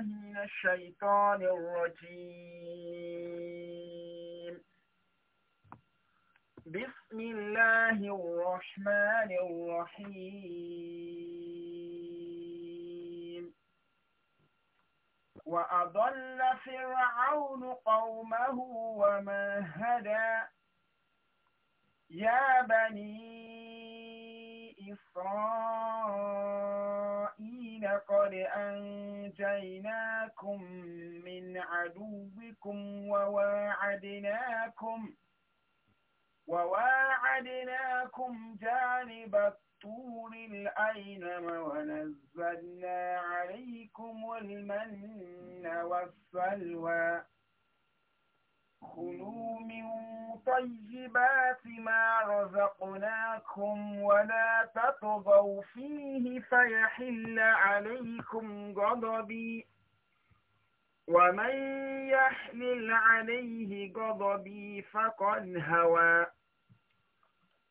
الله من الشيطان الرجيم بسم الله الرحمن الرحيم وأضل فرعون قومه وما هدى يا بني إسرائيل لقد أنجيناكم من عدوكم وواعدناكم وواعدناكم جانب الطور الأينم ونزلنا عليكم المن والسلوى كلوا من طيبات ما رزقناكم ولا تطغوا فيه فيحل عليكم غضبي ومن يحمل عليه غضبي فقد هوى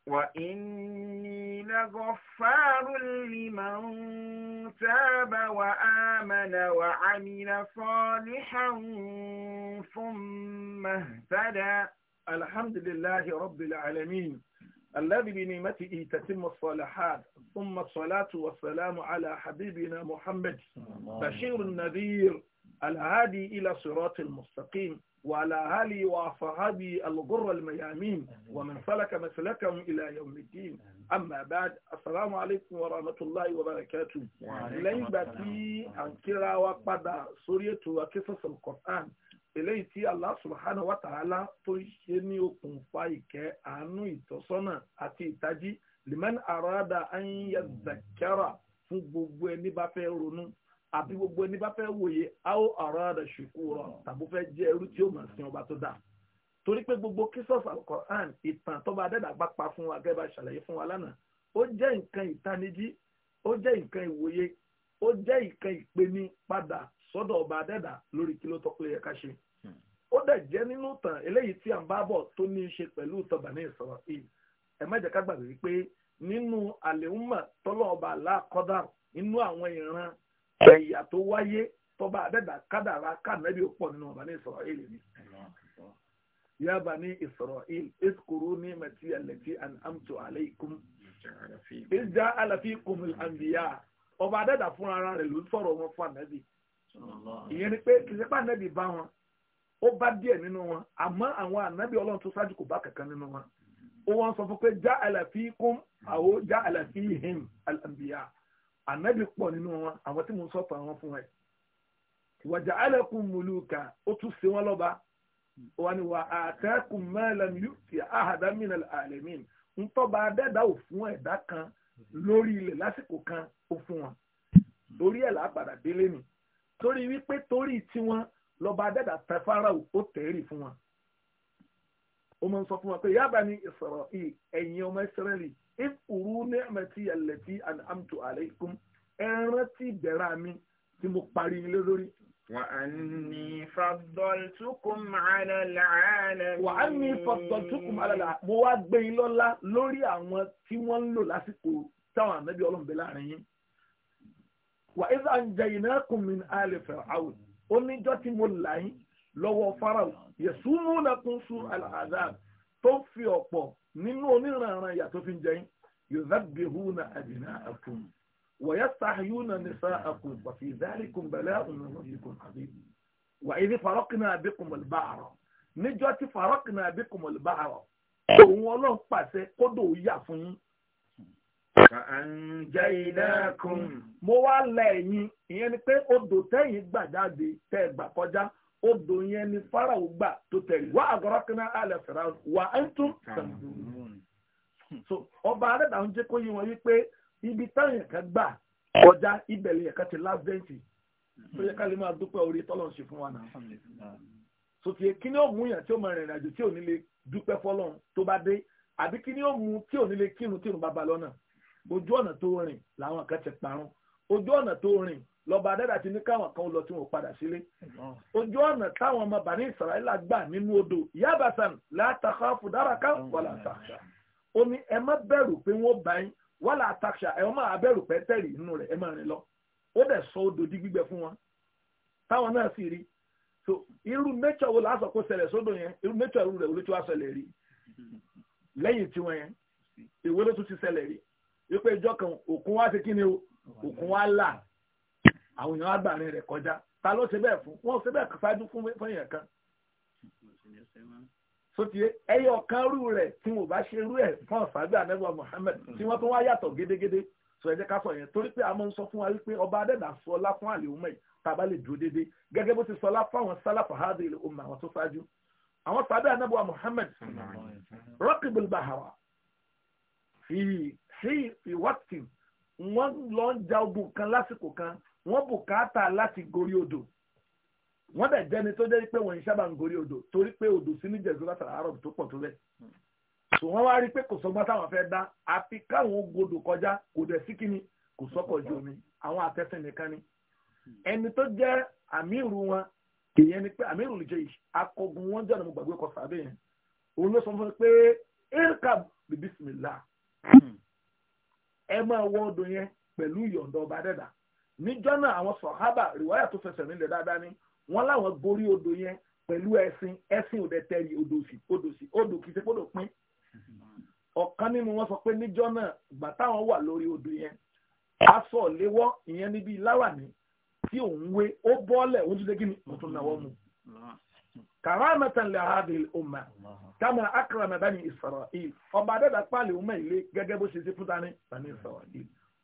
وإني لغفار لمن تاب وآمن وعمل صالحا ثم اهتدى الحمد لله رب العالمين الذي بنعمته تتم الصالحات ثم الصلاة والسلام على حبيبنا محمد بشير النذير الهادي إلى صراط المستقيم وعلى آله وأصحابه الغر الميامين ومن سلك مسلكهم إلى يوم الدين أما بعد السلام عليكم ورحمة الله وبركاته lẹ́yìn ìgbà tí à ń kíra wa padà sórí ètò Qisas al-Qur'an eléyìí tí Allah subhanahu wa ta'ala tó ṣe ní okùnfà ìkẹ́ àánú ìtọ́sọ́nà àti ìtají liman arada an yadhakkara fún gbogbo ẹni bá fẹ́ ronú àbí gbogbo ẹni bá fẹ́ wòye a ó ọ̀rọ̀ rẹ̀ ṣùkú rọ̀ tàbí fẹ́ jẹ́ ẹrú tí ó mọ̀ sí ọba tó dáa torí pé gbogbo kisọs alukoran ìtàn tọba adẹ́dàgbà pa fún wa gẹ́gẹ́ bá ṣàlàyé fún wa lánàá ó jẹ́ nǹkan ìtanijí ó jẹ́ nǹkan ìwòye ó jẹ́ nǹkan ìpeni padà sọ́dọ̀ ọba adẹ́dà lórí kí ló tọ́kọ yẹ ká ṣe hmm. ó dẹ̀ jẹ́ nínú tàn eléyìí tí à ń bá bọ̀ tó ní í ṣe pẹ̀lú tọba ní ìsọ̀rọ̀ yìí ẹ má jẹ́ ká gbàgbé wípé nínú àlèhùnmọ̀ tọ́lọ́ ọba aláàkọ́dà nínú àwọn ìran ẹ̀yà tó wáyé tọba àbẹ́dà kádàrá kànẹ́bí ó pọ̀ nínú ọba ní Israel ni. Ya bani Israel, iskuru ni mati allati an amtu alaykum. Ìjà àlàfíkùn àmbíyá. Ọba àdẹ́dà fúnra ara rẹ̀ ló sọ̀rọ̀ wọn fún ànẹ́bí. Ìyẹn ni pé kìí ṣe pé ànẹ́bí bá wọn. Ó bá díẹ̀ nínú wọn. Àmọ́ àwọn ànẹ́bí Ọlọ́run tó ṣáájú kò bá kankan nínú wọn. Ó wọ́n sọ fún pé já àlàfíkùn àwọn já àlàfíhìn àmbíyá ànábì pọ̀ nínú wọn àwọn tí mo ń sọ̀tọ̀ àwọn fún ẹ ìwàjà alẹ́kùn mùlùkà ó tún ṣe wọ́n lọ́ba wọn ni wà àtẹ́kùn mẹ́lẹ̀m yóò ti àhàdámìnà àlẹ́mìn ń tọ́ba adẹ́dá ò fún ẹ̀dá kan lórí ilẹ̀ lásìkò kan ó fún wọn lórí ẹ̀ lápadà délé ni torí wípé torí tiwọn lọ́ba adẹ́dá tẹ Fáráò ó tẹ̀rì fún wọn ó máa ń sọ fún wọn pé yábàá ni Ísírẹ́lì ẹ̀yin ọmọ Ísírẹ́lì ìfòrú ni'mati allati an'amtu alaykum ẹran tí bẹ̀rẹ̀ mi tí mo parí ilé lórí. wa anni faddaltukum ala al-alamin. wa anni faddaltukum ala al-alamin. mo wá gbé yín lọ́lá lórí àwọn tí wọ́n lò lásìkò táwọn ànábì ọlọ́run bẹ láàrin yín. wa idh anjaynakum min ali fir'aun ó tí mo là yín lọ́wọ́ farao yasumunakum su'al azab tó fi ọ̀pọ̀ nínú oníranran ìyàtọ̀ fi ń jẹyìn yuzabbihuna abna'akum wa yastahyuna nisa'akum wa fi dhalikum bala'un min rabbikum adhim wa idh faraqna bikum al-bahra níjọ́ tí faraqna bikum al-bahra òun ọlọ́run pàṣẹ kódò mo wá la ẹ̀yìn ìyẹn ni pé odò tẹ́yìn gbà jáde tẹ́ gbà kọjá odò yẹn ni Fáráò gbà tó tẹ̀lé wà àgọ́rọ́ àlẹ́ fẹ̀rẹ̀ wà ń tún so ọba arẹ́dà ń jẹ́ kó wípé ibi táwọn kan gbà kọjá ibẹ̀lẹ̀ yẹn kan ti tó yẹ máa dúpẹ́ orí fún wa náà. so tiẹ̀ kí ni ó mú yàn tí ó máa rìnrìn àjò tí ò ní lè dúpẹ́ tó bá dé àbí kí ni ó mú tí ò ní lè kírun tí bá ba lọ́nà ojú ọ̀nà tó rìn lọ́ba adára ti ní káwọn kan lọ tí wọ́n padà sílé ojú ọ̀nà táwọn ọmọ bàní ìsàlàyé gbà nínú odò yabasan látàkà fúdárakà wàlà àtàkà ó ní ẹ má bẹ̀rù pé wọ́n bá yín wàlà àtàkà ẹ má bẹ̀rù pé tẹ̀rì inú rẹ̀ ẹ má rìn lọ ó dẹ̀ sọ odò di gbígbẹ fún wọn táwọn náà sì rí so irú nature wo lásán kó ṣẹlẹ̀ sódò yẹn irú nature irú rẹ̀ olóṣù wa ṣẹlẹ̀ rí lẹ́yìn tiwọn yẹn ìwé ló tún ti ṣẹlẹ̀ rí wípé ìjọ kan òkun wa ṣe kí ni o òkun wa là àwọn èèyàn agbárin rẹ̀ kọjá ta ló ṣe bẹ́ẹ̀ fún wọn ṣe bẹ́ẹ̀ ṣáájú fún fẹ́yìn kan sotie ẹyọ kan rú rẹ̀ tí mo bá ṣe rú ẹ̀ fún ọ̀sàgbé anẹ́gbà Muhammad tí wọ́n tún wá yàtọ̀ gédégédé sọ ẹ jẹ́ ká sọ yẹn torí pé a máa ń sọ fún wa wípé ọba adẹ́dà sọ ọlá fún àlè ọmọ yìí tàbá lè dúró déédéé gẹ́gẹ́ bó ti sọ ọlá fún àwọn sálàfà hádé ilé ọmọ àwọn tó ṣáájú àwọn sàbẹ̀ anábọ̀ Muhammad rọ́kìbìl bahara fi wọ́tì wọ́n lọ ń ja ogun kan lásìkò kan wọ́n bùkátà láti gorí odò wọ́n dẹ̀ jẹ́ni tó jẹ́ pé wọ́n ń sábà ń gorí odò torí pé odò sí ní jẹ̀dú látara àárọ̀ tó pọ̀ tó bẹ́ẹ̀. sò wọ́n wá rí pé kò sọgbọ́n táwọn fẹ́ dá àfi káwọn gbọdọ kọjá kò dẹ̀ sí kíni kò sọ́kọ̀ ju omi àwọn atẹ́sìn nìkan ni. ẹni tó jẹ́ àmírù wọn ìyẹn ni pé àmírù lè jẹ́ akọgun wọn jẹ́ ọ̀nà mo gbàgbé kọ sàbẹ̀ yẹn òun ló sọ fún mi pé irkab bibisimilá hmm. ẹ máa wọ odò yẹn pẹ̀lú ìyọ̀ǹda ọba dẹ́dàá níjọ́ náà àwọn sọ̀hábà rìwáyà tó fẹsẹ̀ nílẹ̀ dáadáa ni wọ́n láwọn borí odò yẹn pẹ̀lú ẹṣin ẹṣin òde tẹ̀lé odò sí odò sí odò kìí ṣe kódò pín ọ̀kan nínú wọn sọ pé níjọ́ náà gbà táwọn wà lórí odò yẹn aṣọ léwọ́ ìyẹn níbi láwàní tí òun wé ó bọ́ọ̀lẹ̀ ó dúdé gíní mo tún náwó mu. kàrámẹ́tàn lè ha di ọmọ kàmà akramẹ́ bani Isra'il ọba adẹ́dàpá lè ọmọ ilé gẹ́gẹ́ bó ṣe ṣe fún tani bani Isra'il.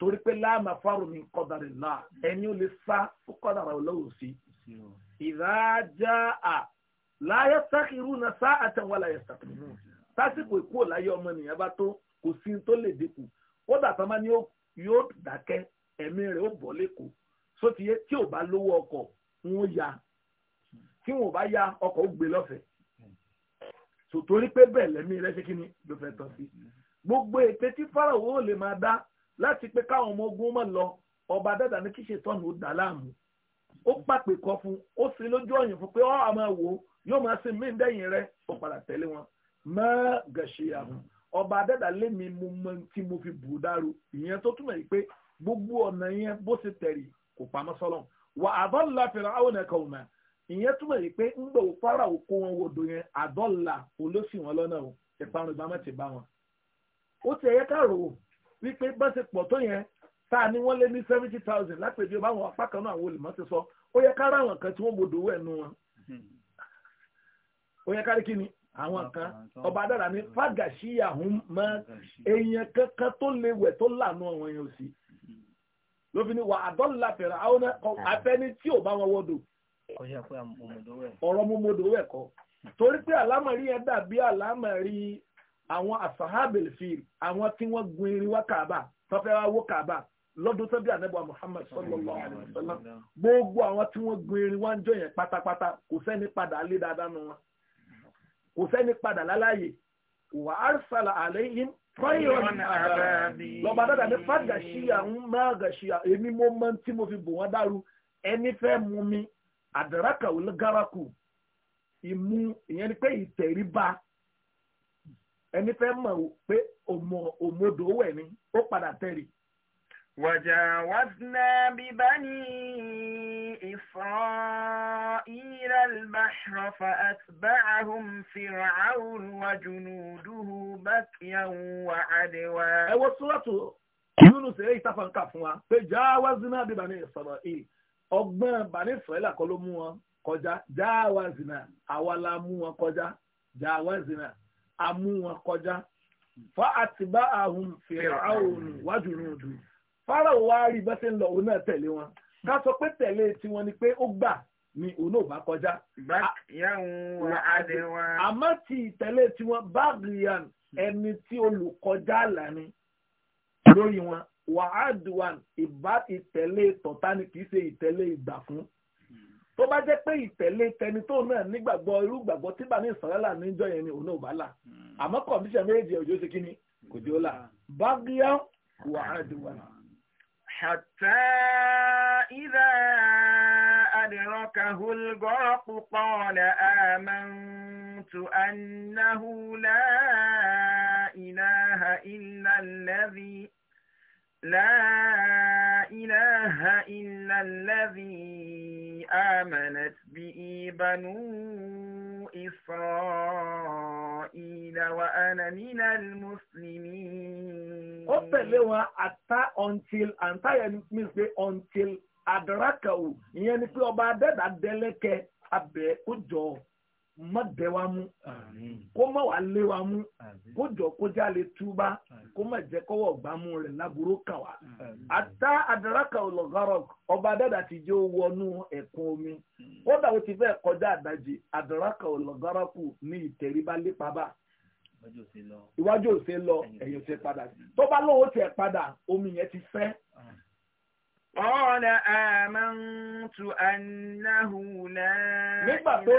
torí pé láàmà fáwọn mi kọ́dàrí náà ẹni ò lè sá fún kọ́dàrà ọlọ́wọ́ sí. ìdájà à láyé sákìrú na sá àtẹwà láyé sákìrú sásìkò ìkú òláyé ọmọ nìyẹn bá tó kò sí tó lè dínkù ó dàtọ́ máa ní yóò dákẹ́ ẹ̀mí rẹ̀ ó bọ̀ lẹ́kọ̀ọ́ sótìyẹ tí ò bá lówó ọkọ̀ wọn ya tí wọn ò bá ya ọkọ̀ ó gbé lọ́fẹ̀ẹ́ sòtórí pé bẹ́ẹ̀ lẹ́mí rẹ̀ ṣe kí ni ló fẹ́ tọ́ sí gbogbo ète tí fáráwó lè máa dá láti pé káwọn ọmọ ogun mọ̀ lọ ọba dàdà ní kí ṣètọ́nù ó dà láàmú ó pàpè kọ fún ó sì lójú ọ̀yìn fún pé ọ́ àmọ́ wò ó yóò máa sin mí dẹ́yìn rẹ ó padà tẹ̀lé wọn mọ́ gàṣe àrùn ọba dàdà lémi mo mọ tí mo fi bù dáru ìyẹn tó túmọ̀ yìí pé gbogbo ọ̀nà yẹn bó ṣe tẹ̀rì kò pamọ́ sọ́lọ́ wà àdọ́là fẹ̀rẹ̀ àwọn ẹ̀ka òmà ìyẹn túmọ̀ yìí pé ń gbọ̀ fara òkú wọn wòdò yẹn àdọ́là olóṣì lọ́nà ìparun ìbámọ́ bá wọn ó ti ẹ̀yẹ káàrò wípé bọ́sẹ̀ pọ̀ tó yẹn tá a ní wọ́n lé ní seventy thousand lápèjì ọba àwọn apá kan náà àwọn olùmọ̀ ti sọ ó yẹ ká ráwọn kan tí wọ́n bodò owó ẹnu wọn ó yẹ ká rí kí ni àwọn kan ọba dára ní fàgàṣíyà hùn mọ èèyàn kankan tó léwẹ̀ tó lànà àwọn èèyàn òsì lóbi ni wà àdọ́là fẹ̀rẹ̀ àwọn afẹ́ni ah. tí ò bá wọn wọ́dọ̀ ọ̀rọ̀ mọ́mọ́dọ̀ wẹ̀ kọ́ torí pé àlámọ̀rí yẹn dàbí àlámọ̀rí àwọn asahabel fil àwọn tí wọ́n gun irin wá kàbà tọ́fẹ́ wá wó kàbà lọ́dún tó bí ànábì Muhammad sallallahu alaihi wasallam gbogbo àwọn tí wọ́n gun irin wá ń jọ yẹn pátápátá kò sẹ́ni padà lé dáadáa nu wọn kò sẹ́ni padà láláyè wà á sàlà àlẹ́yìn tọ́yìn lọ́ba dáadáa ní fàgà ṣíyà ń máa gà ṣíyà èmi mo máa ń tí mo fi bò wọ́n dàrú ẹni fẹ́ mú mi àdàrà kàwé gárakù ìmú ìyẹn ni pé ìtẹ̀rí bá ẹni fẹ́ mọ̀ pé òmòdò wẹ̀ ni ó padà tẹ̀lé. وجاوزنا ببني إسرائيل البحر فأتبعهم فرعون وجنوده بكيا وعدوا ẹwọ súrọ́tù yunus èyí táfà ń kà fún wa pé jáwázínà bí bani israel ọgbọ́n bani israel kọ́ ló mú wọn kọjá jáwázínà àwa la mú wọn kọjá jáwázínà amú wọn kọjá fa àtibá ahùn fèrè àwọn wájú rúdù fáráò wá rí bá ṣe ń lọ òun náà tẹ̀lé wọn ká sọ pé tẹ̀lé tiwọn ni pé ó gbà ni òun ò bá kọjá. àmọ́ ti ìtẹ̀lé tiwọn báàgìyàn ẹni tí olùkọjá àlà lórí wọn wàhádùn ìbá ìtẹ̀lé tọ̀tá ni kì í ṣe ìtẹ̀lé ìgbà fún tó bá jẹ́ pé ìtẹ̀lé tẹni tó náà nígbàgbọ́ irú gbàgbọ́ tí bàmí ìsọ̀rọ̀là níjọ yẹn ni òun náà bá là hmm. àmọ́ kọ̀ǹdíṣẹ̀ méjì òjò ṣe kíni kò jẹ́ ó là bágíyá wà á di wà. hatta idha adrakahu al-gharq qala amantu annahu la ilaha illa لا إله إلا الذي آمنت به بنو إسرائيل وأنا من المسلمين. ó tẹ̀lé wọn ata until ata yẹn means pé until adarakawo ìyẹn ni pé ọba adẹ́dàá dẹ́lẹ́kẹ́ abẹ́ kó jọ má bẹ wa mú kó má wàá lé wa mú kó jọ kó já lè túbá kó má jẹ kọ́wọ́ gbámú rẹ̀ lábúrò kàn wá. àtà àdàràkà olùkọ́rọ̀ ọba dàdà ti jẹ́ wọnú ẹ̀kún omi kódà ó ti fẹ́ kọjá àdájì àdàràkà olùkọ́rọ̀ kù ní ìtẹ̀ríba lépa bá iwájú òsè lọ ẹ̀yìn òsè padà tó bá lóun tiẹ̀ padà omi yẹn ti fẹ́ قال آمنت أنه لا nígbà tó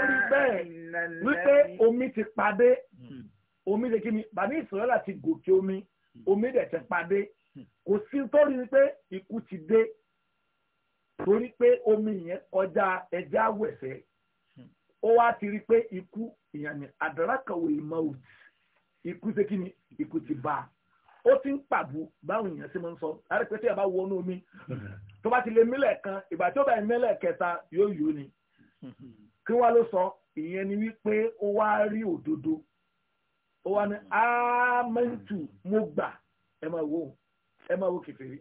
omi ti padé hmm. omi lè kí ni bàbá omi hmm. omi dẹ̀ pade ko si sí ri pe iku ti de tori pe omi yẹn hmm. ti pe iku iku ti ba. ó ti ń pàbò báwọn èèyàn ṣe máa ń sọ àrẹ pé tí ẹ bá wọnú omi tó bá ti lè mílẹ̀ kan ìgbà tí ó bá mílẹ̀ kẹta yóò yó ni kí wọ́n ló sọ ìyẹn ni wípé ó wá rí òdodo ó wá ní ámẹ́ntù mo gbà ẹ máa wò ẹ máa wò kèfèrí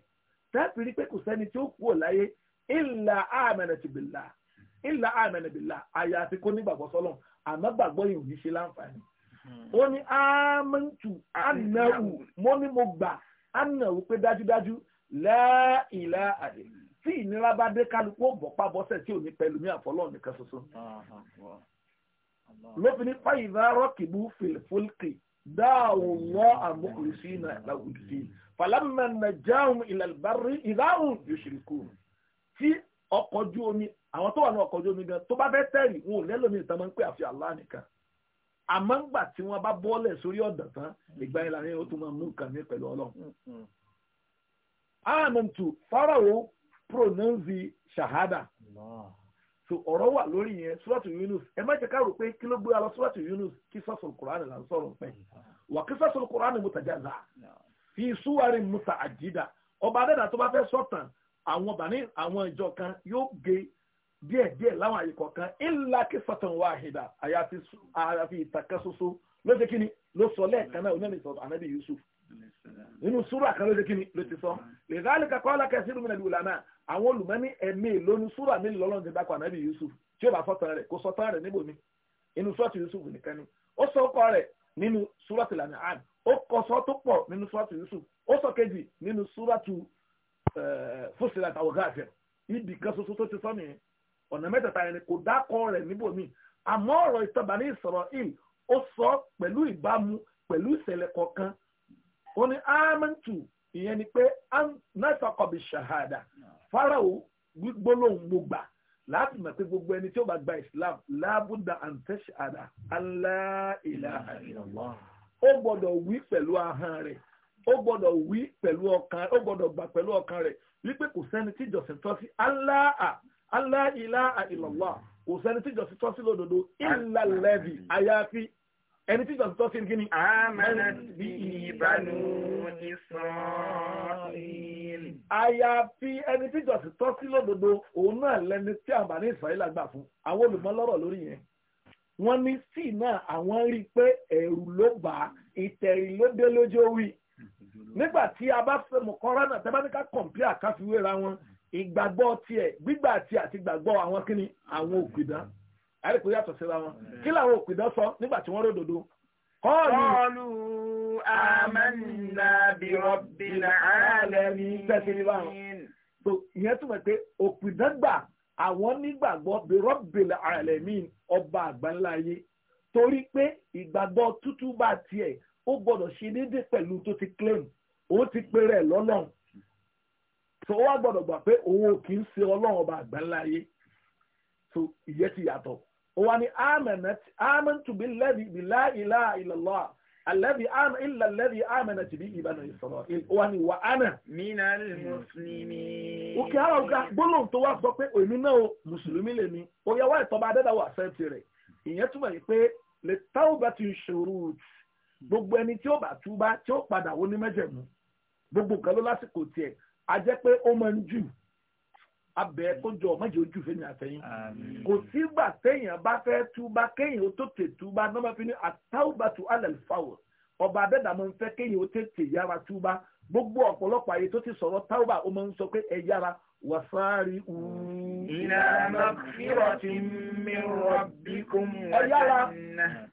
tẹ́ẹ̀pì rí pé kò sẹ́ni tí ó kú ò láyé ìlà àmẹ́nàtìbìlà ìlà àmẹ́nàbìlà àyàfi kó nígbàgbọ́ sọ́lọ́ àmọ́ gbàgbọ́ yìí ò ní ṣe láǹfààní Hmm. ó ní ámẹ́ntù ánàwù mo ní mo gbà ánàwù pé dájúdájú láìlá àdé tí ìnira bá dé kálukú ó bọ̀pá bọ́sẹ̀ tí ò ní pẹ̀lú mi àfọlọ́ nìkan ṣoṣo. lófin ní fàyìnbá rọ́kìbú fìlfúlkì dáàwò wọ́n àmúkùrì sí iná ìlàwùdí falamma najahum ila albarri ìdáhùn yushrikun tí ọkọ̀ ojú omi àwọn tó wà ní ọkọ̀ ojú omi gan tó bá fẹ́ tẹ̀lé wọn ò lẹ́lòmí ìtàn máa ń pè àfi Allah nìkan àmọ́ ńgbà tí wọ́n bá bọ́ọ̀lẹ̀ sórí ọ̀dàn tán ìgbà yẹn làwọn yóò tún máa mú nǹkan mi pẹ̀lú ọlọ́run. àmọ̀tù mm, mm. fáráwò pronounce shahada so ọ̀rọ̀ wà lórí yẹn suratu yunus ẹ má jẹ́ ká rò pé kí ló gbé wa lọ suratu yunus kí sọ́sọ̀rọ̀ kùránì là ń sọ̀rọ̀ pẹ́ wà kí sọ́sọ̀rọ̀ kùránì mutajaza fi súwárì muta àjídà ọba adẹ́dà tó bá fẹ́ sọ̀tàn àwọn ìjọ kan yóò gé díẹ̀ díẹ̀ láwọn àyè kọ̀ọ̀kan ńlá kí sọ̀tàn wá àhìdá àyàfi àyàfi ìtàkà soso ló ṣe kíni ló sọ lẹ́ẹ̀kan náà onílẹ̀ ìsọ̀tàn ànábì Yusuf nínú súrà kan ló ṣe kíni ló ti sọ lèzálì kakọ́ alákẹ́ sínú mìíràn ìwòlá náà àwọn olùmọ́ni ẹ̀mí lónú súrà mi lọ́lọ́run ti dákọ̀ ànábì Yusuf tí ó bá sọ̀tàn rẹ̀ kó sọ̀tàn rẹ̀ níbo ni inú sọ́ọ̀tì Yusuf nìkan ni ó sọ ọkọ rẹ̀ nínú súrọ̀tì lànàán ó kọ sọ tó pọ̀ nínú súrọ̀tì Yusuf ó sọ kejì nínú súrọ̀tì fúsìlà tàwọn gáàfẹ́ ibì kan ṣoṣo tó ti sọ nìyẹn ọ̀nà mẹ́tẹ̀ẹ̀ta yẹn ni kò dákọ̀ rẹ̀ níbòmíì àmọ́ ọ̀rọ̀ ìtọ́ba ní Israel ó sọ pẹ̀lú ìbámu pẹ̀lú ìṣẹ̀lẹ̀ kọ̀ọ̀kan ó ní ámẹ́ntù ìyẹn ni pé nẹ́tọ̀kọ̀bì ṣàhádà Fáráò gbólóhùn mo gbà láti mọ̀ pé gbogbo ẹni tí ó bá gba Islam lábúdà àǹtẹ̀ṣẹ̀ àdá aláìlà ó gbọ́dọ̀ wí pẹ̀lú ahọ́n rẹ̀ ó gbọ́dọ̀ wí pẹ̀lú ọkàn ó gbọ́dọ̀ gbà pẹ̀lú ọkàn rẹ̀ wípé kò sẹ́ni tí ìjọsìn tọ́ sí aláà Allah ilaha illallah kò sẹ́ni tíjọ sí tọ́sí lódodo illa allazi àyàfi ẹni tíjọ sí tọ́sí gíní. sí tọ́sí òun náà lẹni tí àbá ní israel àgbà fún àwọn olùmọ̀lọ́rọ̀ lórí yẹn wọ́n ní sí náà àwọn rí i pé ẹ̀rù ló bá ìtẹ̀rì ló dé lójó wí nígbà tí a bá fẹ́ mọ̀kànrán náà tẹ́ bá ìgbàgbọ́ tiẹ̀ gbígbà tí àti gbàgbọ́ àwọn kíni àwọn òpìdán àríkò yàtọ̀ síra wọn mm. kí làwọn òpìdán sọ nígbà tí wọ́n ródòdó. kọ́ọ̀lù so ìyẹn túmọ̀ pé òpìdán gbà àwọn nígbàgbọ́ bí rọ́bìnà àlẹ́mí ọba àgbáńlá ayé torí pé ìgbàgbọ́ tútù bá tiẹ̀ ó gbọ́dọ̀ ṣe déédéé pẹ̀lú tó ti claim ó ti pèrè lọ́lọ́run so ó wá gbà pé òun ò kì í ṣe ọlọ́run ọba àgbáńláyé so ìyẹn ti yàtọ̀ ó wá ní amantu billadhi la ilaha illallah alladhi illa amen amanat bihi banu Isra'il ó wá ní wa ana. minal òkè àwọn gbólóhùn tó wá sọ pé náà o mùsùlùmí lèmi ó yẹ wá ìtọ́ba àṣẹ́ǹtì rẹ̀ ìyẹn túmọ̀ yìí pé gbogbo ẹni tí ó bá túbá tí ó padà ní gbogbo ló lásìkò tiẹ̀ a jẹ́ pé ó máa ń jù abẹ kójọ ọmọdé ojú fẹmi àtẹyìn kò sígbà téèyàn bá fẹ́ túbá kéèyàn ó tètè túbá náà máa fi ní àtàwùbàtù alẹ́lfàwọ̀ ọba abẹ́dàmọ́ ń fẹ́ kéèyàn ó tètè yára túbá gbogbo ọ̀pọ̀lọpọ̀ ayé tó ti sọ̀rọ̀ táwùbà ó máa ń sọ pé ẹ yára wàsáàrí ùú. ìlà magfiratin min rabbikum. ẹ yára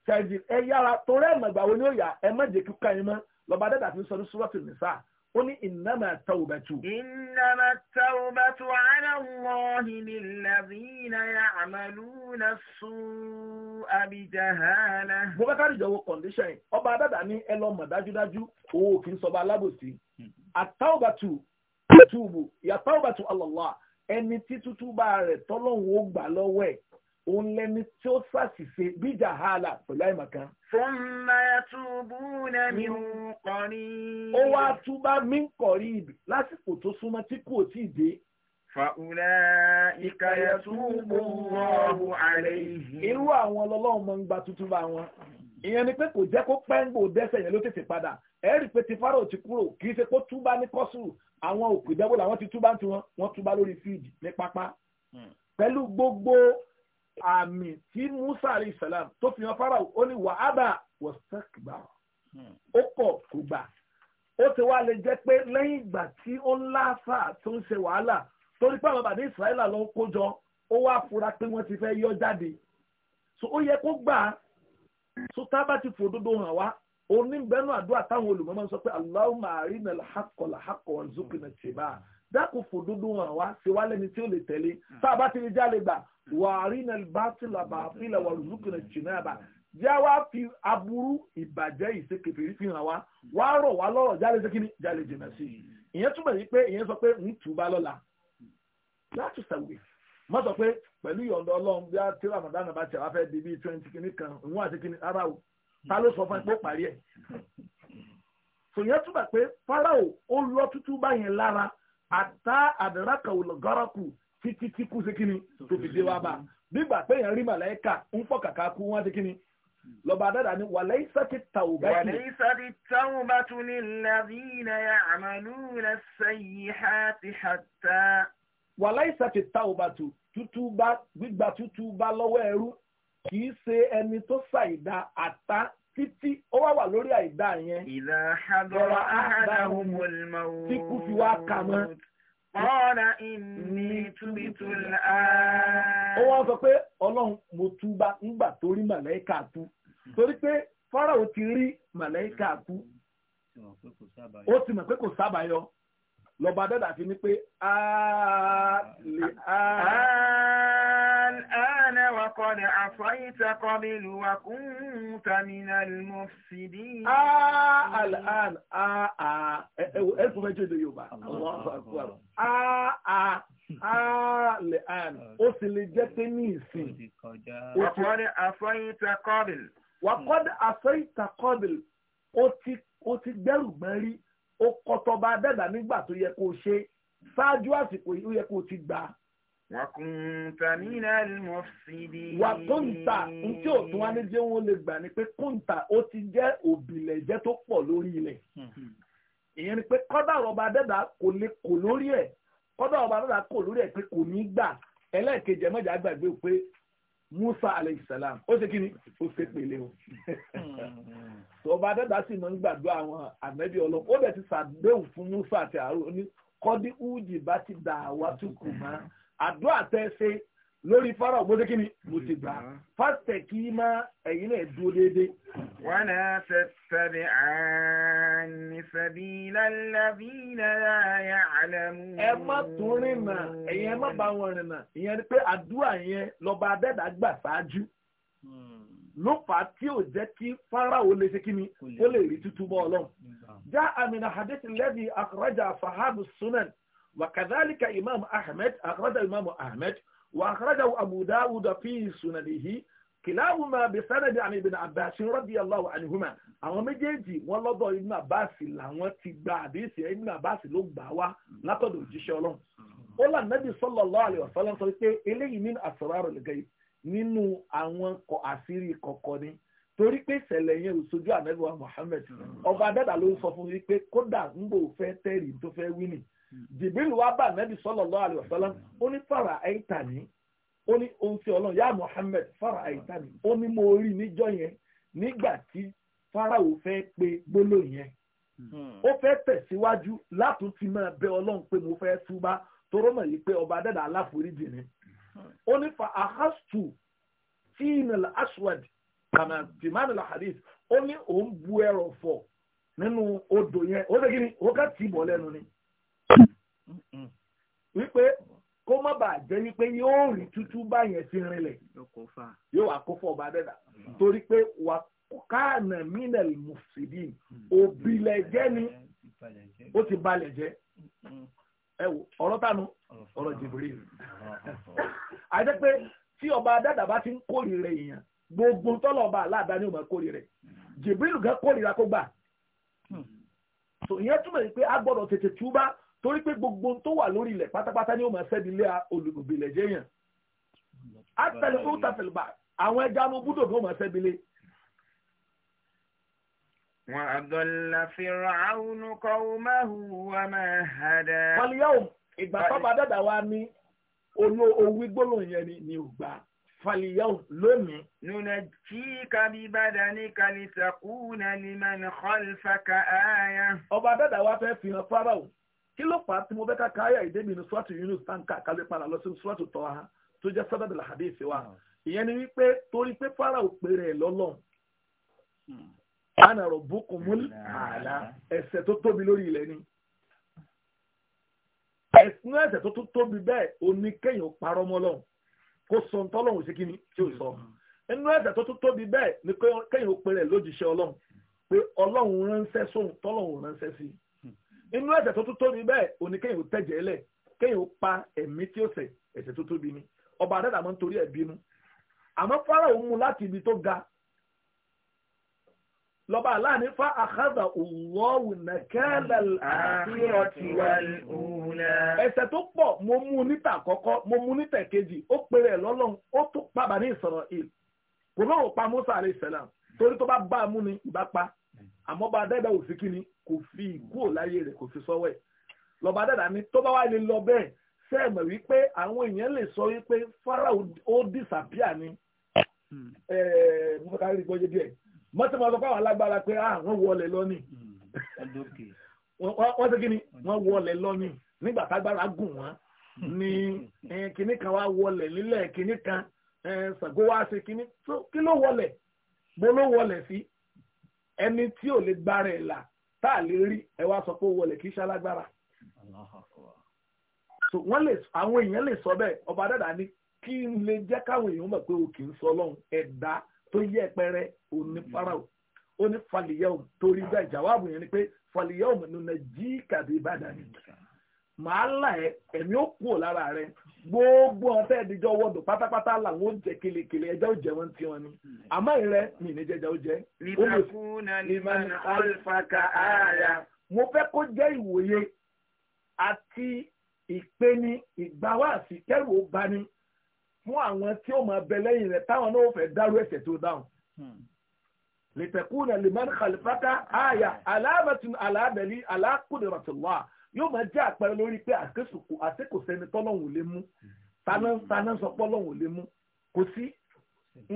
tẹ̀sí ẹ yára torí ẹ̀mọ̀gbà wo ni ó yà ẹ má jẹ́ kíkọ́ yín mọ́ lọ́ba adẹ́dàfin sọ ní súrọ́tù nìsáà ó ní ìnáma tàwùbẹ̀tù. ìnáma tàwùbẹ̀tù aláwọ̀hì lìlàbínà àmàlúnà sún àbìjàhánà. mo bá kárí ìjọwọ́ kọ̀ǹdíṣàn ọba dàdà ní ẹ lọ mọ̀ dájúdájú owó kì í sọba alábòsí. àtàwùbẹ̀tù túbù ìyàtàwùbẹ̀tù Allah ẹni tí tútúbà rẹ̀ tọ́lọ́hún ó gbà lọ́wọ́ ẹ̀ òun lẹni tí ó ṣàṣìṣe bí jàhálà pẹ̀lú àìmọ̀kan. thumma yatubuna min qarib. ó wá túbá min qarib lásìkò tó súnmọ́ tí kò tí ì dé. Fa'ula'ika yatubu Allahu alayhim. Irú àwọn ọlọ́lọ́run máa ń gba tuntun bá wọn. Ìyẹn ni pé kò jẹ́ kó pẹ́ngbò dẹ́ṣẹ̀ yẹn ló tètè padà. Ẹ rí pé ti Fáráò ti kúrò kì í ṣe kó túbá ní kọ́sùrù. Àwọn òkè ìdẹ́wò làwọn ti túbá tiwọn, wọ́n túbá lórí fíìdì ní pápá. Hmm. Pẹ̀lú gbogbo àmì tí Musa alayhi salam tó fi hàn Fáráò ó ní wàhábà wọ̀sẹ̀kìgbà hmm. ó kọ̀ kò gbà ó ti wá lè jẹ́ pé lẹ́yìn ìgbà tí ó ń láàfà tó ń ṣe wàhálà torí pé àwọn bàbá Israẹla ló ń kó jọ ó wá fura pé wọ́n ti fẹ́ yọ jáde so ó yẹ kó gbà so tá a bá ti fòdodo hàn wá oníbẹ̀nu àdúrà táwọn olùmọ̀ máa ń sọ pé Allahumma arinal haqqal haqqo warzuqna ittiba'ah dákun fòdodo hàn wá ṣe wá lẹ́ni tí ó lè tẹ̀lé hmm. tá a bá ti lè jáde gbà wàárí náà bá ti là bá fi là wà lùzùkì náà jìnnà àbá já wá fi aburú ìbàjẹ́ ìṣekèfèrí fi hàn wá wá rọ̀ wá lọ́rọ̀ jáde sí kíní jáde jìnnà sí i ìyẹn túbọ̀ yìí pé ìyẹn sọ pé ń tù bá lọ́la láti sàwé má sọ pé pẹ̀lú ìyọ̀ǹda ọlọ́run bí a ti ramadan bá tẹ̀ wá fẹ́ di bíi twenty kíní kan òun àti kíní ara o ta ló sọ fún ẹ pé ó parí ẹ̀ sòyẹn túbọ̀ pé fáráò ó lọ tútú báyẹn lára àtà àdàràkà olùgọ́rọ̀kù títí tí kú sí kíni tó fi dé wá bá nígbà pé èèyàn rí màláìka ń pọ̀ kàkà kú wọ́n ti kíni lọ́ba ni wàlẹ́ ìsàtì tàwùbá tù. wàlẹ́ ìsàtì tàwùbá tù ní làbínà àmàlú rẹ̀ sẹ́yìn hàtì hàtà. wàlẹ́ ìsàtì tàwùbá tù tútúbá gbígba tútúbá lọ́wọ́ ẹrú kì í ṣe ẹni tó ṣàìdá àtá títí ó wá wà lórí àìdá yẹn. ìlà àbọ̀rọ̀ àhàdáhùn mọ̀lmọ́. tí kú fi wá kà mọ́. Ọ̀rọ̀ ìní túbitú Ó pé Ọlọ́run mo túbá ńgbà tó rí Torí pé ò ti rí màlẹ́kà tú. Ó ti mọ̀ pé kò yọ. lọ́ba dẹ́dà fi ní pé àánà wàkọ̀dà àfọ́yíta kọbílù wà kún terminal mọ́fìdí. àán ẹ̀kùn mẹ́jọ èdè Yorùbá àlẹ́ àán ó sì lè jẹ́ pé ní ìsìn. wàkọ̀dà àfọ́yíta kọbílù. wàkọ̀dà àfọ́yíta kọbílù ó ti gbẹ́rù gbẹ́rí. ó kọtọba dẹ́gbà nígbà tó yẹ kó o ṣe ṣáájú àsìkò yìí ó o ti gbà á. wàkùntà minal mufsidin. wàkùntà ntí ò tún wá jẹ́ lè gbà ni pé kùntà ó ti jẹ́ òbílẹ̀ jẹ́ tó pọ̀ lórí ilẹ̀. ìyẹn ni pé kọ́dà ọba dẹ́gbà kò lè kò lórí ẹ̀ kọ́dà ọba dẹ́gbà kò lórí ẹ̀ pé kò ní gbà ẹlẹ́ẹ̀kejì ẹ̀mọ́jà gbàgbé Musa aleyhisselam ó ṣe kí ni ó ṣe pèlè o hmm. tó ọba dẹ́dá sì máa ń gbàdúrà àwọn ànábì ọlọ́run ó dẹ̀ ti ṣàdéhùn fún Musa àti àrùn ní kọ́dí újì bá ti dà wá tukùmá àdúrà tẹ́ ṣe lórí fara ògbóde kí ni mo ti gbà pásítẹ̀ kí má ẹ̀yin náà dúró déédéé. wọn á tẹ̀sẹ̀rẹ̀ àníṣẹ́bí lálábí láyà àlẹ́mú. ẹ má tún rìnà ẹ̀yin ẹ má bá wọn rìnà ìyẹn ni pé àdúrà yẹn lọ́ba adẹ́dà gbà ṣáájú hmm. ló fà á tí ò jẹ́ kí Fáráò lè ṣe kí ni ó lè rí tútúbọ̀ Ọlọ́run. já àmìnà hadith lẹ́bi akhraja fahadu sunan wa imam ahmed akhraja imam ahmed. وأخرجه أبو داود في سننه كلاهما بسند عن ابن عباس رضي الله عنهما àwọn méjèèjì wọn lọ́dọ̀ ibn abbas làwọn ti gba àdéhìsì ibn abbas ló gbà wá látọ̀dọ̀ òjíṣẹ́ ọlọ́run ó là nẹ́bí sallallahu alaihi wasallam sọ pé eléyìí nínú asrarul ghaib nínú àwọn àṣírí kọ̀kọ̀ ni torí pé ìṣẹ̀lẹ̀ yẹn wa muhammed ọba jibril wa bá nẹ́bí sallallahu alaihi wasallam ó ní fara àìta ní ó ní ohun tí ọlọ́run yá muhammed fara àìta ní ó ní mo rí níjọ́ yẹn nígbà tí farao fẹ́ pe gbólò yẹn hmm. ó fẹ́ tẹ̀síwájú látún ti máa bẹ ọlọ́run pé mo fẹ́ túbá torọ́ mọ̀ yìí pé ọba dẹ́dà aláforíjì ni ó ní fa ahastu tíìnìl aswad kàmá tìmánìl hadith ó ní òun bu ẹrọ̀ fọ̀ nínú odò yẹn ó dẹ́gìrì ó ká tì í bọ̀ lẹ́nu ni. wípé kó má bàa jẹ́ wípé yóò rí tútú báyẹn fi rinlẹ̀ yóò wá kó fọ́ ọba dẹ́dà torí pé wà káànà mùsùlùmí òbílẹ̀ jẹ́ ni ó ti balẹ̀ jẹ́ ẹ wò ọ̀rọ̀ tánu ọ̀rọ̀ jìbìrì àti pé tí ọba dẹ́dà bá ti ń kórìíra èèyàn gbogbo tọ́lọ̀ ọba aláàdá ni ó máa kórìíra jìbìrì gan kórìíra kó gbà ìyẹn túmọ̀ sí pé a gbọ́dọ̀ tètè túbá torí pé gbogbo tó wà lórí ilẹ̀ pátápátá ni ó máa ṣẹ́bi lé olùgbèlẹ̀ jẹ́yàn àtẹlẹ ó tàtẹlẹ bá àwọn ẹja ló búdò ni ó máa ṣẹ́bi lé. wọ́n àgọ́lá Fir'aun qawmahu wa ma hada. fàlíyàwó ìgbà sábà dàda wa ní olú owó gbólóhùn yẹn ni ò gbà fàlìyàwó lónìí. nùnà tí kabi bàdà ní kàlìsàkúnà ní mẹ́ni kọ́lìfàkà áyà. ọba dàda wa fẹ́ fi hàn fáráwò kí ló fà á tí mo fẹ́ ká káyà ìdẹ́mi ní swatu Yunus tanka kálí padà lọ sí swatu tọ́ha tó jẹ́ sábàbí làhàdí ìfẹ́ wa hmm. ìyẹn ni wípé torí pé fara ò lọ́lọ́ ana rọ̀ bùkún mú àlá ẹ̀ṣẹ̀ tó tóbi lórí ilẹ̀ ni ẹ̀sìn ẹ̀ṣẹ̀ tó tóbi bẹ́ẹ̀ oníkẹ́yìn parọ́ mọ́ lọ́hùn kó sọ ntọ́lọ́hùn sí kíni tí ò sọ hmm. inú ẹ̀ṣẹ̀ tó tóbi bẹ́ẹ̀ ni kẹ́yìn ó pè rẹ̀ pé ọlọ́hùn ránṣẹ́ sóhun tọ́lọ́hùn ránṣẹ́ sí i inú ẹ̀ṣẹ̀ tó tó ní bẹ́ẹ̀ òní kéyìn ò tẹ̀jẹ̀ lẹ̀ kéyìn ò pa ẹ̀mí tí ó ṣẹ̀ ẹ̀ṣẹ̀ tó tóbi ni ọba àdàdà máa ń torí ẹ̀ bínú àmọ́ fara òun mu láti ibi tó ga lọ́ba aláàní fa àkàzà òwòwò nàkẹ́lẹ̀ àfihàn ẹ̀ṣẹ̀ tó pọ̀ mo mú níta àkọ́kọ́ mo mú níta kejì ó pèrè lọ́lọ́run ó tó pàbà ní ìsọ̀rọ̀ ìlú kò náà ò pa Musa alayhi salam torí tó bá bá a mú ni ìbá pa àmọ́ bá a dẹ́gbẹ́ òsì kínní kò fi ìgò láyé rẹ̀ kò fi sọ́wọ́ ẹ̀ lọ́ba dàdà ni tó bá wà lè lọ bẹ́ẹ̀ sẹ́ẹ̀mọ̀ wípé àwọn èèyàn lè sọ wípé Fáráò ó disappear ni hmm. mo fẹ́ ká rí gbọ́yé díẹ̀ mọ́tò máa sọ fáwọn alágbára pé àwọn ah, wọlé lọ́nìí hmm. wọ́n ṣe kí ni wọ́n wọlé lọ́nìí nígbà tágbára gùn wọ́n hmm. ni kinní kan wá wọlé nílẹ̀ kinní kan Ṣàngó wá ṣe kinní kí ló wọlé bó ló wọlé sí ẹni tí ò lè gbára ẹ̀ là tá a lè rí ẹ wá sọ pé wọlé kì ṣalágbára. so wọ́n lè àwọn èèyàn lè sọ bẹ́ẹ̀ ọba dàdà ni kí n lè jẹ́ káwọn èèyàn mọ̀ pé o kì í sọ ọlọ́run ẹ̀dá tó yẹ pẹrẹ òní farao ó ní hmm. torí bẹ́ẹ̀ jàwáàbù yẹn ni pé falìyẹ́wò nùnà jí kàbí ìbàdàn nìkan màá là ẹ ẹ̀mí ó kúrò lára rẹ gbogbo ọtẹ ìdíjọ wọdọ pátápátá làwọn ó jẹ kelekele ẹjẹ ó jẹ wọn ti wọn ni àmọ́ ìrẹ mi ní jẹjẹ ó jẹ. limakuna liman alfaka aya. mo fẹ́ kó jẹ́ ìwòye àti ìpeni ìgbàwáàsí kẹrù ó bani fún àwọn tí ó máa bẹ lẹ́yìn rẹ̀ táwọn náà ó fẹ́ dárú ẹ̀ṣẹ̀ tó dáhùn. Hmm lìtẹ̀kùnà lèmọ́n kàlífàkà àyà aláàbẹ̀tún aláàbẹ̀lì aláàkùnrinàtìwá yóò máa jẹ́ àpẹẹrẹ lórí pé àkẹ́sùkù àtẹ́kùsẹ́ni tọ́lọ́hùn lè mú taná sọ pọ́lọ́hùn lè mú kò sí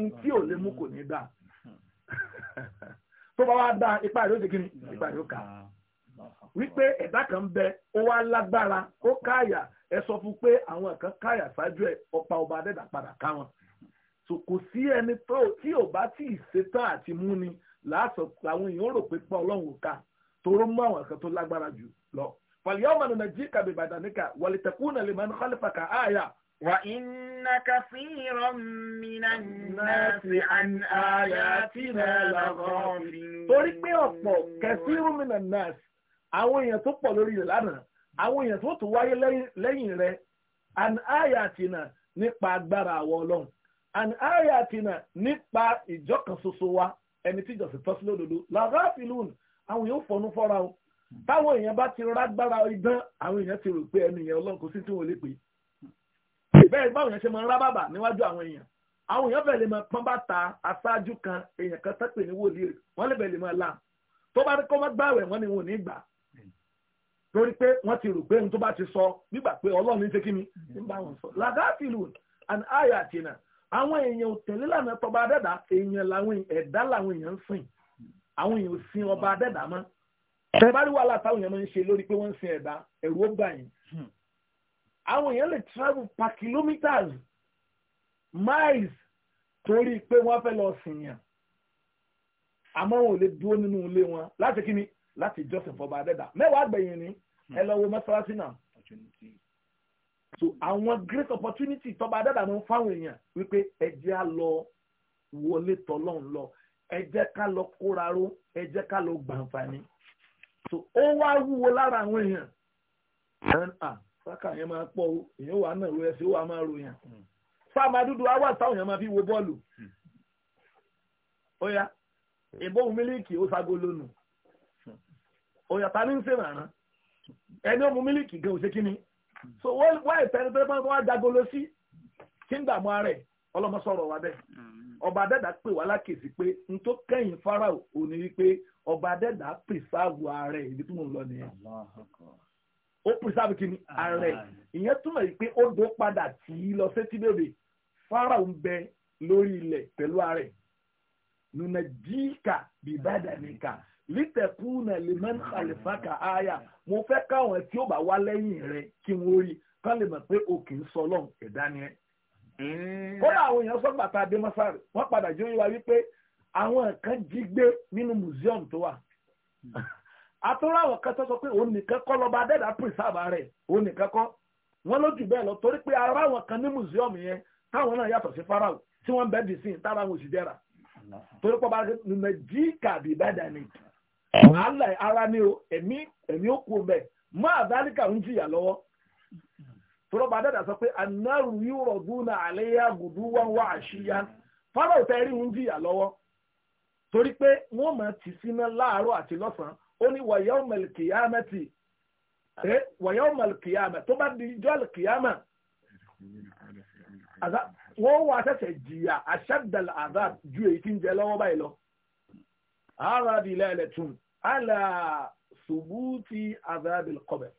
n tí ò lè mú kò ní dá tó bá wá dá ipá rẹ̀ ó ṣe kíni ipá rẹ̀ ó kà wípé ẹ̀dá kan bẹ ó wá lágbára ó káyà ẹ sọ fún pé àwọn kan káyà ṣáájú ẹ ọ̀pá ọba adẹ́dà padà káwọn kò sí ẹni tó tí ò bá tí ì ṣetán àti mú ni láàṣọ àwọn èèyàn rò pé pọ ọlọ́run ò ká toró mú àwọn ẹ̀kan tó lágbára jù lọ. fàlẹ́ ọmọ nana jí kàbí ìbàdàn níkà wàlẹ̀ tẹ̀kún náà lè máa ń kọ́lé pàkà áyà. wà iná kàfíìrọ̀ mìíràn náà sí àyà tí náà lọ́gọ́ mi. torí pé ọ̀pọ̀ kẹfíìrù mìíràn náà àwọn èèyàn tó pọ̀ lórí rẹ̀ lánàá àwọn èèyàn tó tún wáyé lẹ́yìn rẹ̀ àyà tí and ayatina nípa ìjọkan soso wa ẹni tí ìjọsìn tọ́sí lódodo làgáfìlún àwọn yóò fọnú fọ́ra o táwọn èèyàn bá ti rágbára idán àwọn èèyàn ti rò pé ẹnu ìyẹn ọlọ́run sí tí wọ́n lè pè é bẹ́ẹ̀ báwọn èèyàn ṣe máa ń rá bàbà níwájú àwọn èèyàn àwọn èèyàn máa ta aṣáájú kan èèyàn kan tẹ́pẹ̀ ní wòlíì wọ́n lè máa la tó bá kọ́ máa ni wọn ò torí pé wọ́n ti rò pé ohun ti sọ nígbà pé ọlọ́run ń ṣe kí ni sọ àwọn èèyàn ò tẹ̀lé lànà tọba adẹ́dà èèyàn làwọn ẹ̀dá làwọn èèyàn ń sìn àwọn èèyàn ò sin ọba adẹ́dà mọ́ tẹ́bárí wàhálà táwọn èèyàn máa ń ṣe lórí pé wọ́n ń sin ẹ̀dá ẹ̀rú ó gbà yín àwọn èèyàn lè travel per kilometers miles torí pé wọ́n fẹ́ lọ sìn yàn àmọ́ wọn ò lè dúró nínú ilé wọn láti kí ni láti jọ́sìn fọba adẹ́dà mẹ́wàá gbẹ̀yìn ni ẹ lọ wo mọ́sálásí náà so àwọn great opportunity tọba adáda máa ń fáwọn èèyàn wípé ẹ jẹ́ á lọ wọlé tọ́lọ́run lọ ẹ ká lọ kóra ró ẹ ká lọ gbàǹfààní so ó wá wúwo lára àwọn èèyàn sáka yẹn máa pọ̀ o èèyàn wà náà lóye sí ó wà máa ro yẹn fáàmà dúdú á wà táwọn èèyàn máa fi wo bọ́ọ̀lù ó yá ìbọn mílíkì ó ságolo nù ó yá ní ń ṣèrànràn ẹni ó mu mílíkì gan ò ṣe kí ni so wá ìfẹ́ ní pé wọ́n jagolo sí kí ń dààmú ara ẹ̀ ọlọ́mọ sọ̀rọ̀ wa bẹ́ẹ̀ mm-hmm. ọba adẹ́dà pè wá lákèsí pé n tó kẹ́yìn Fáráò ò ní wípé ọba adẹ́dà pèsàgù ara ẹ̀ ibi tí mò ń lọ nìyẹn ó pèsàgù kí ni ara ẹ̀ ìyẹn túmọ̀ yìí pé ó dó padà tì í lọ sétí bèbè Fáráò ń bẹ lórí ilẹ̀ pẹ̀lú ara nùnà jíìkà bíbádà nìkan lítẹ̀kùnà lèmẹ́n àlìfáàkà àyà mo fẹ́ káwọn tí ó bá wá lẹ́yìn rẹ kí wọ́n rí kán lè mọ̀ pé o kì í sọ lọ́n ẹ̀dá ni ẹ. kódà àwọn èèyàn sọ́gbà tá a dé mọ́sárì wọ́n padà jẹ́ oyè wa wípé àwọn kan jí gbé nínú museum tó wà. àtúráwọ̀ kan tó sọ pé òun nìkan kọ́ lọ́ba adẹ́dà pírísàbà rẹ̀ òun nìkan kọ́ wọ́n ló jù bẹ́ẹ̀ lọ torí pé ara àwọn kan ní museum yẹn táwọn náà yàtọ̀ sí farao tí wọ́n bẹ́ẹ̀ dì sí tára àwọn òṣìṣẹ́ rà torí pọ̀ bá nàìjíríà bíbá dání wàhálà ara ni o ẹ̀mí ẹ̀mí ó kú bẹ́ẹ̀ mọ́ àdáríkà ń jìyà lọ́wọ́ tọ́lọ́ba dẹ́dà sọ pé anáàrù yóò rọ̀gùn náà àléyà gùdú wọn wá àṣìyá fáwọn òtẹ́ rí ń jìyà lọ́wọ́ torí pé wọ́n máa tì síná láàárọ̀ àti lọ́sàn-án ó ní wàyà ọmọlì kìyàmẹ tì ẹ wàyà ọmọlì kìyàmẹ tó bá di jọ́ọ̀lì kìyàmẹ wọ́n wá sẹ́sẹ̀ jìyà àṣàdàlà àdá ju èyí tí ń jẹ lọ́wọ́ báyìí lọ ara dilalatun ala subuti azabil qabr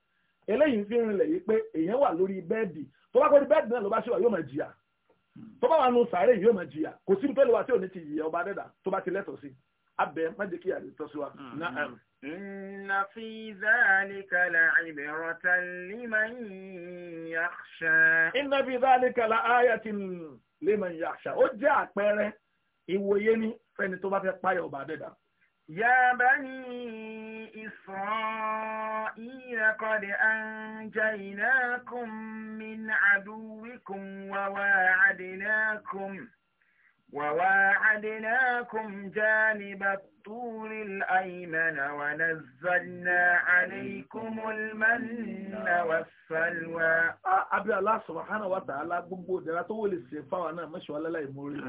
eléyìí fi rinlẹ̀ yìí pé èèyàn wà lórí bẹ́ẹ̀dì tó bá kọ́ni bẹ́ẹ̀dì náà ló bá ṣe wà yóò máa jìyà tó bá wà nù sàárè yóò máa jìyà kò sí nítorí wa tí ò ní ti yìyà ọba dẹ́dà tó bá ti lẹ́tọ̀ọ́ sí abẹ májè kí àlè tọ́ sí wa. Hmm. Inna fi dhalika la'ibratan liman yakhsha. Inna fi dhalika la'ayatin liman yakhsha. Ó jẹ́ àpẹẹrẹ ìwòye ní fẹ́ni tó bá fẹ́ páyọ̀ ọba dẹ́dà. يا بني إسرائيل قد أنجيناكم من عدوكم وواعدناكم وواعدناكم جانب الطور الأيمن ونزلنا عليكم المن والسلوى àbí Allah subhanahu wa ta'ala gbogbo ìdára tó wọlé ṣe fáwọn náà mọ́ṣọ́ aláìláì mórí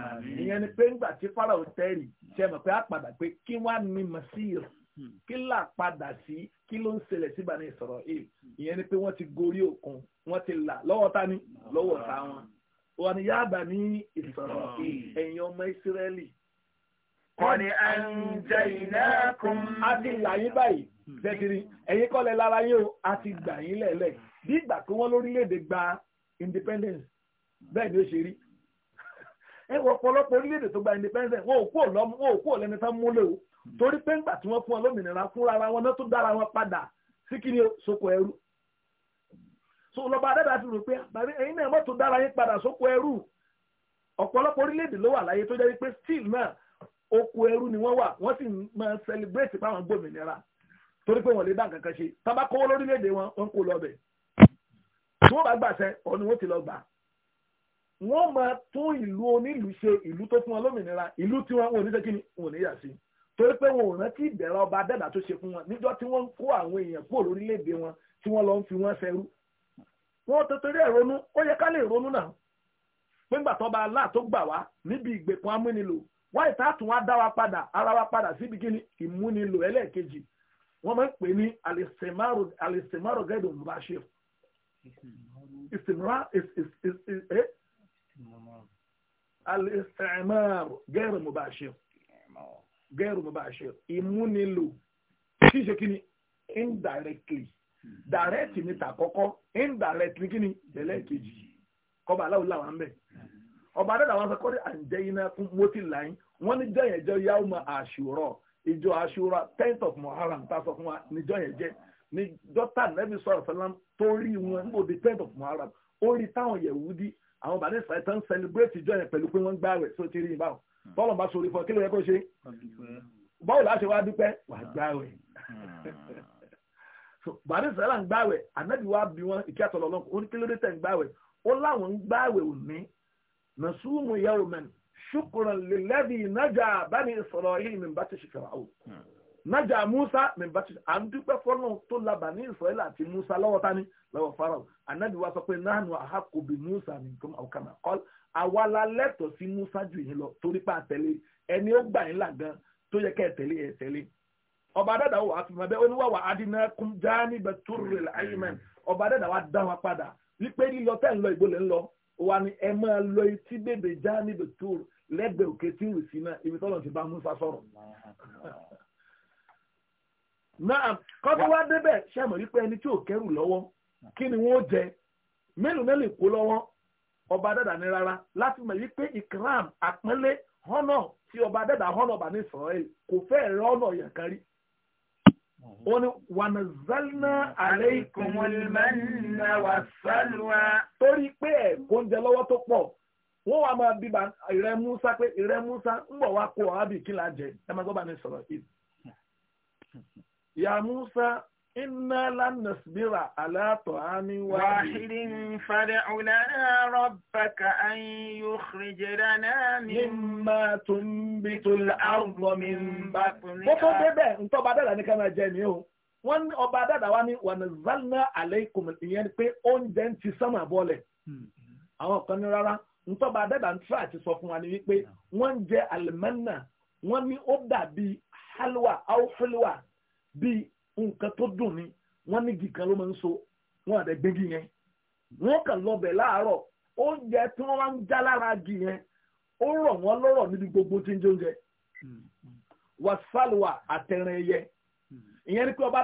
ìyẹn ni pé ńgbà tí Fáráò tẹ́rì ṣe mọ̀ pé á padà pé kí wàá ní masir kí là padà sí kí ló ń ṣẹlẹ̀ sí Bani Israil ìyẹn ni pé wọ́n ti gorí òkun wọ́n ti là lọ́wọ́ ta ni lọ́wọ́ ta wọn wọ́n ní yáàbà ní ìsọ̀rọ̀ ẹ̀yin ọmọ ìsírẹ́lì. wọ́n ní àǹjẹ́ ìnákùn. a ti là yín báyìí hmm. bẹ́tìrì ẹ̀yin kọ́lẹ̀ lára yín o a ti gbà yín lẹ́lẹ̀ bí ìgbà pé wọ́n lórílẹ̀‐èdè gba independence bẹ́ẹ̀ ni ó ṣe rí. ẹ wọ ọ̀pọ̀lọpọ̀ orílẹ̀‐èdè tó gba independence wọn ò kú ọ̀lọ́mú wọn ò kú ọ̀lẹ́ni tán múlẹ̀ o hmm. torí pé ńgbà tí wọ́n fún wọn lómìnira fúnra wọn náà tó dára wọn padà sí kí ni soko ẹrú so lọ́ba adẹ́dà ti rò pé bàbá ẹ̀yin náà mọ́tò dára yín padà sóko ẹrú ọ̀pọ̀lọpọ̀ orílẹ̀-èdè ló wà láyé tó jẹ́ wípé still náà oko ẹrú ni wọ́n wà wọ́n sì máa celebrate fáwọn gbòmìnira torí pé wọ́n lè dá nǹkan kan ṣe tábà kówó lórílẹ̀-èdè wọn wọn kò lọ bẹ̀ tí wọ́n bá gbàṣẹ ọ̀nà wọn ti lọ gbà wọ́n máa tún ìlú onílù ṣe ìlú tó fún wọn lómìnira ìlú tí wọn ò ní sẹ́kìnì wọn ò ní yà sí torí pé wọn ò rántí ìbẹ̀rẹ̀ ọba adẹ́dà tó ṣe fún wọn níjọ́ tí wọ́n ń kó àwọn èèyàn kúrò lórílẹ̀-èdè wọn tí wọ́n lọ ń fi wọ́n ṣẹrú wọ́n tó torí ẹ̀ ronú ó yẹ ká lè ronú náà nígbà tó bá aláà tó gbà wá níbi ìgbèkùn amúnilò wọ́n ìta tún wá dá wa padà ara wa padà síbi kí ni ìmúnilò ẹlẹ́ẹ̀kejì wọ́n máa ń pè ní alìsèmárò gẹ́dùn mubashir eh? alìsèmárò gẹ́rù mubashir gẹ́rù mubashir ìmúnilò ṣíṣe kí ni indirectly direct ni tàkọ́kọ́ indirect ni kini tẹ̀lé kejì kọ́ba aláwo làwọn ń bẹ̀ ọba adọ́dà wọn sọ kọ́rí àǹjẹ́ iná fún mọ́tì láì wọ́n ní jẹ́yẹ̀ jẹ́ yàwó ma àṣùrọ̀ ìjọ àṣùrọ̀ tenth of muharram tá a sọ fún wa níjọ́ yẹn jẹ́ ní dọ́tà nẹ́bí sọ̀rọ̀ fẹ́lá tó rí wọn níbo di tenth of muharram ó rí táwọn yẹ̀wúdí àwọn bàdé sàìtà ń celebrate ìjọ yẹn pẹ̀lú pé wọ́n gbá rẹ̀ sóò ti rí ìbáwọ̀ tọ́lọ̀ hmm. bá sori fún ọ kí ló yẹ kó ṣe báwo láṣẹ wá dúpẹ́ wà gbá rẹ̀ hmm bàbá ìsàlá ń gbàwẹ̀ ànábì wa bí wọn ìkí àtọ̀lọ́ lọ́kọ̀ ó ní kí ló dé tẹ̀ ń gbàwẹ̀ ó láwọn ń gbàwẹ̀ òní nàṣúmù yawman ṣùkùràn lilladhi nájà bani Isra'il min batish Fir'aun nájà Musa min batish à ń dúpẹ́ fọ́nà tó la bani Isra'il àti Musa lọ́wọ́ tani lọ́wọ́ farao ànábì wa sọ pé nahnu ahaqqu bi Musa minkum aw kama qal àwa la lẹ́tọ̀ọ́ sí Musa ju yìí lọ torí pa àtẹ̀lé ẹni ó gbà yín ọba dada wà á fi wa bẹ́ẹ̀ oníwà wà adínákùn jáni bẹ túrè láyémẹ́n ọba dada wà dá wọn padà wípé lílọ tẹ́ ń lọ ìbò lẹ́ ń lọ wà ní ẹ máa lọ etí bèbè jáni bẹ túrè lẹ́gbẹ̀ẹ́ òkè tí ń sí náà ibi tọ́lọ̀ ti bá Musa sọ̀rọ̀. náà kọ́tù wá débẹ̀ sẹ́mọ̀ wípé ẹni tí ò kẹ́rù lọ́wọ́ kí ni wọ́n jẹ mélòó mélòó kó lọ́wọ́ ọba dada ní rárá láti mọ̀ wípé ìkram àpọ́nlé họ́nà tí ọba dada họ́nà bá ní sọ̀rọ̀ kò fẹ́ẹ̀ rọ́nà yẹn kan wọ́n ni wànàzálínà aláìkùnmọ́lẹ́mẹ́nà wà torí pé ẹ̀ ń jẹ lọ́wọ́ tó pọ̀ wọ́n wá máa bíbá Musa pé ìrẹ́ Musa ń bọ̀ wá kó ọ̀hábì kí là jẹ ẹ máa Musa inna lan nasbira ala ta'amin wahidin fad'u lana rabbaka an yukhrij lana mimma tunbitul ardu min batniha. kókó débẹ̀ ntọ́ bá dàda ní ká máa jẹ ní o wọ́n ní ọba wa ní wa nazzalna alaykum ìyẹn pé oúnjẹ ń ti sánmà bọ́lẹ̀ àwọn kan ní rárá ntọ́ bá dàda ń tíra àti sọ wa ní wípé wọ́n ń jẹ alimanna wọ́n ní ó halwa aw hulwa bíi nǹkan tó dùn ni wọ́n ní gìkan ló máa ń so wọ́n àdẹ gbégi yẹn wọ́n kàn lọ́bẹ̀ láàárọ̀ oúnjẹ tí wọ́n máa ń já lára gì yẹn ó níbi gbogbo tí ń jẹ oúnjẹ wàsálùwà ni pé ọba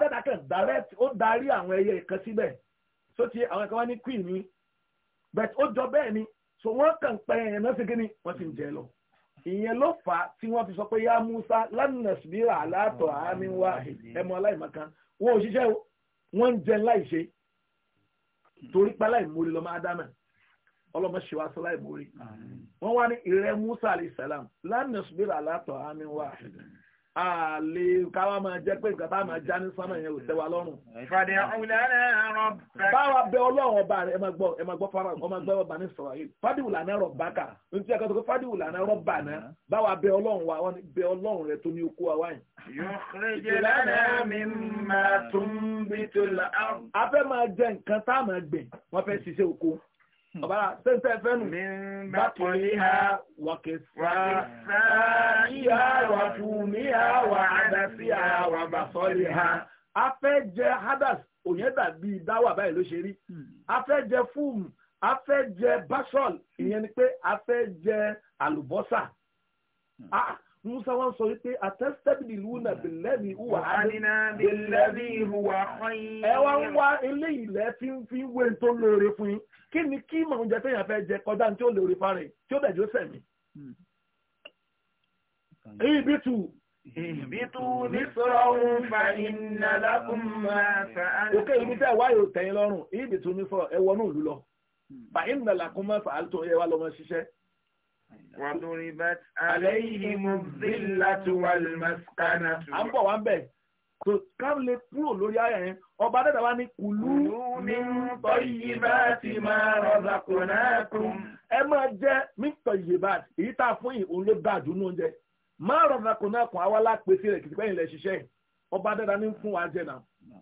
direct ó darí àwọn ẹyẹ kan ti àwọn ni but ó jọ ni so kàn náà ṣe kí ni ìyẹn ló fà á tí wọ́n fi sọ pé yá Musa lánàṣbíra aláàtọ̀ àmì wa ẹmọ aláìmọ̀kan wọn ò ṣiṣẹ́ o wọ́n ń jẹ láìṣe torí pa láìmórí lọ́mọ ádámà ọlọ́mọ ṣèwà sọ láìmórí wọ́n wá ní ìrẹ́ Musa alayhi salam lánàṣbíra aláàtọ̀ àmì àlè káwá máa jẹ́ pé nǹkan táà máa já ní sánmà yẹn ò tẹ́wa lọ́rùn. ìfàdé ọ̀húnlẹ́rẹ́ ẹ̀rọ bẹ́ẹ̀. báwa bẹ ọlọ́run ọba rẹ̀ ẹ máa gbọ́ ẹ máa gbọ́ fara ọmọ ẹgbẹ́ ọba ní sọ̀rọ̀ yìí fádìwù lànà ẹ̀rọ bákà ní ẹ̀ka tó kọ́ fádìwù lànà ẹ̀rọ bà báwa bẹ ọlọ́run wa wọ́n bẹ ọlọ́run rẹ̀ tó ní okú wa wáyìn. yóò Hmm. ọ̀bára tẹ́ntẹ́ fẹ́nu bákọ̀líhá wàkẹsà ìhá wàfúnmíhá wà àdásíhá wà bàsọ́líhá a fẹ́ jẹ hadas òyìn dàbí dáwà báyìí ló ṣe rí hmm. a jẹ fúùmù a jẹ basọ́l ìyẹn ni pé a jẹ àlùbọ́sà hmm. ah, Musa wá ń sọ wípé àtẹ́sítẹ́bìlúnà bìlẹ́bì hùwà ánínà bìlẹ́bì hùwà ọ̀yìn. Ẹ wá ń wá eléyìí lẹ́ fi ń fi wé tó lóore fún yín. Kí ni kí màá oúnjẹ téèyàn fẹ́ jẹ kọjá tí ó lóore fárẹ̀ tí ó bẹ̀ jó sẹ̀mí? Ibi tù. Ibi tù ní sọ̀rọ̀ òun fa iná lákùn máa fa àlùkò. Òkè ibi tẹ́ wáyé ò tẹ̀yìn lọ́rùn, ibi tù ní sọ̀rọ̀ ẹ wọnú ìlú lọ. Hmm. Fa iná lákùn máa fa àlùkò ẹ wá lọ́mọ ṣiṣẹ́. وضربت عليهم الذلة والمسكنة. à ń bọ̀ wá ń bẹ̀ tó káwọn lè kúrò lórí ayà yẹn ọba dẹ́dà wa ní kùlú. mi ń tọ́ iye bá ti máa rọ̀dà kò náà kún. ẹ máa jẹ mi ń tọ́ iye bá èyí tá a fún yìí òun ló bá àdúnú oúnjẹ máa rọ̀dà kò náà kún àwa lápèsè rẹ̀ kìtìpẹ́ yìí lẹ̀ ṣiṣẹ́ ọba dẹ́dà ní fún wa jẹ náà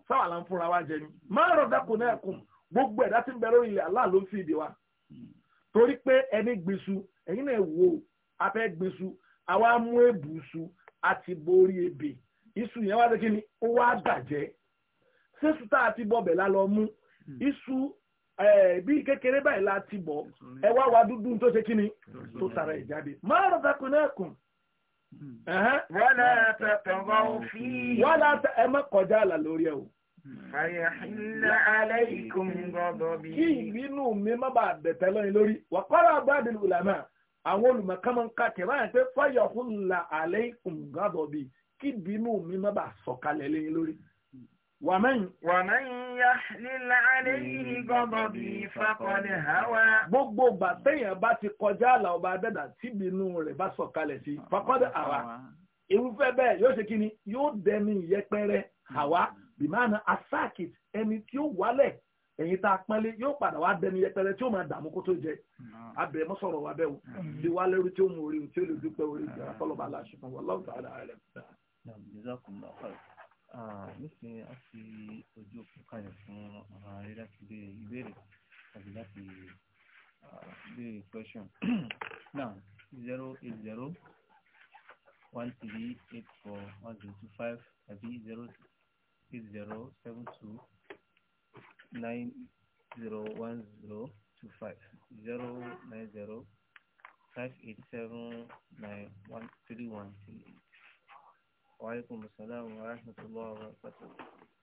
sáwà là ń fúnra wa jẹ ni máa rọ̀dà kò náà kún gbogbo ẹ̀dá tí ń bẹ lórí ilẹ̀ aláà ló ń fi ìdè wa hmm. torí pé ẹni gbèsù ẹ̀yin náà wo afẹ́ gbèsù àwa mú èbùsù àti borí ebè iṣu yẹn wá dé kí ni ó wá bàjẹ́ sẹ́sù tá a ti bọ̀ bẹ̀ la mú hmm. iṣu bí kékeré báyìí la ti bọ̀ hmm. ẹ wá wa dúdú tó ṣe kí ni hmm. tó tara ẹ̀ jáde máa rọ̀ takùn náà kùn. wọ́n á tẹ̀tàn wá òfin. wọ́n á tẹ ẹ má kọjá àlà lórí ẹ̀ o. Fàyàhìnlá aláìkùn gọ́dọ̀ bí. Kí ìbínú mi má bàa dẹ̀tẹ̀ lọ́yìn lórí. Wà kọ́lá bá dìlù àwọn olùmọ̀kánmọ́ ń ka tẹ̀wá yẹn pé fọyọ̀ fún la àlẹ́ ìkùngàdọ̀ bíi kí bínú mi má bàa sọ̀kalẹ̀ lẹ́yìn lórí. wàmẹ́yìn. wàmẹ́yìn yá lílá alẹ́ yìí gbọ́dọ̀ bí fakọ̀dẹ̀ hawa. gbogbo bàtẹ́yìn bá ti kọjá àlà ọba abẹ́dà tí bínú rẹ̀ bá sọ̀kalẹ̀ sí fakọ̀dẹ̀ hawa. irúfẹ́ bẹ́ẹ̀ yóò ṣe kíni yóò dẹni ìyẹpẹrẹ hawa bìmánà asákìt ẹni tí ó wálẹ̀ èyí tá a pẹ́lẹ́ yóò padà wá dẹni yẹpẹrẹ tí ó máa dààmú kó tó jẹ mm. abẹ mọ́ sọ̀rọ̀ wa bẹ́ẹ̀ bí mm. wá lẹ́rú tí ó mú orí tí ó lè dúpẹ́ orí ìjà mm. kọlọ́ba aláṣẹ fún wa lọ́wọ́ tààdà rẹ̀. nísìnyí a fi ojú òkú kalẹ̀ fún àwọn arẹ́dá ti lè ìbéèrè tàbí láti béèrè question now zero eight zero one three eight four one zero two five tàbí zero eight zero seven two. nine zero one zero two five zero nine zero five eight seven nine one three one three. وعليكم السلام ورحمة الله وبركاته